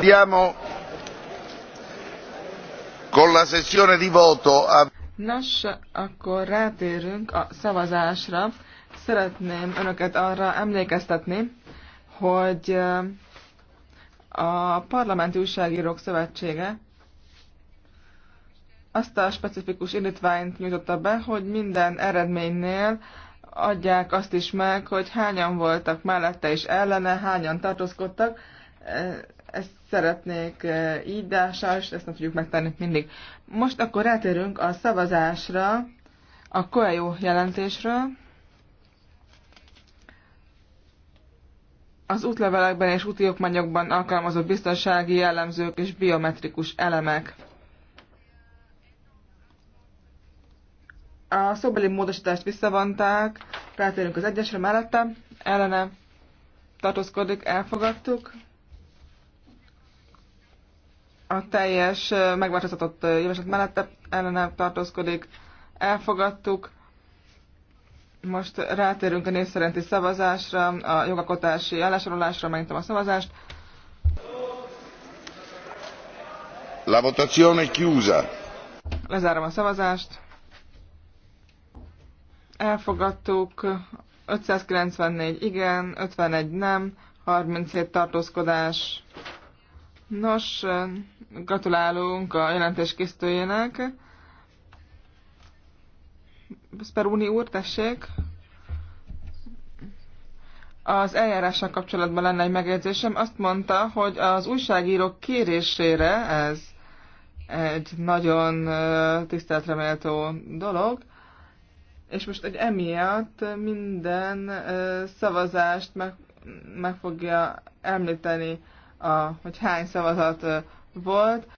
procediamo con la sessione di voto. A... Nos, akkor rátérünk a szavazásra. Szeretném önöket arra emlékeztetni, hogy eh, a Parlamenti Újságírók Szövetsége azt a specifikus indítványt nyújtotta be, hogy minden eredménynél adják azt is meg, hogy hányan voltak mellette és ellene, hányan tartózkodtak, ezt szeretnék így, de sajnos ezt nem tudjuk megtenni mindig. Most akkor rátérünk a szavazásra, a Coelho jelentésről. Az útlevelekben és úti okmányokban alkalmazott biztonsági jellemzők és biometrikus elemek. A szóbeli módosítást visszavonták, rátérünk az egyesre mellette, ellene tartózkodik, elfogadtuk a teljes megváltoztatott javaslat mellett ellene tartózkodik. Elfogadtuk. Most rátérünk a név szerinti szavazásra, a jogakotási állásorolásra, megintem a szavazást. La votazione chiusa. Lezárom a szavazást. Elfogadtuk 594 igen, 51 nem, 37 tartózkodás. Nos, gratulálunk a jelentés készítőjének. Speruni úr, tessék! Az eljárással kapcsolatban lenne egy megjegyzésem. Azt mondta, hogy az újságírók kérésére, ez egy nagyon tiszteltre méltó dolog, és most egy emiatt minden szavazást meg, meg fogja említeni a, hogy hány szavazat volt.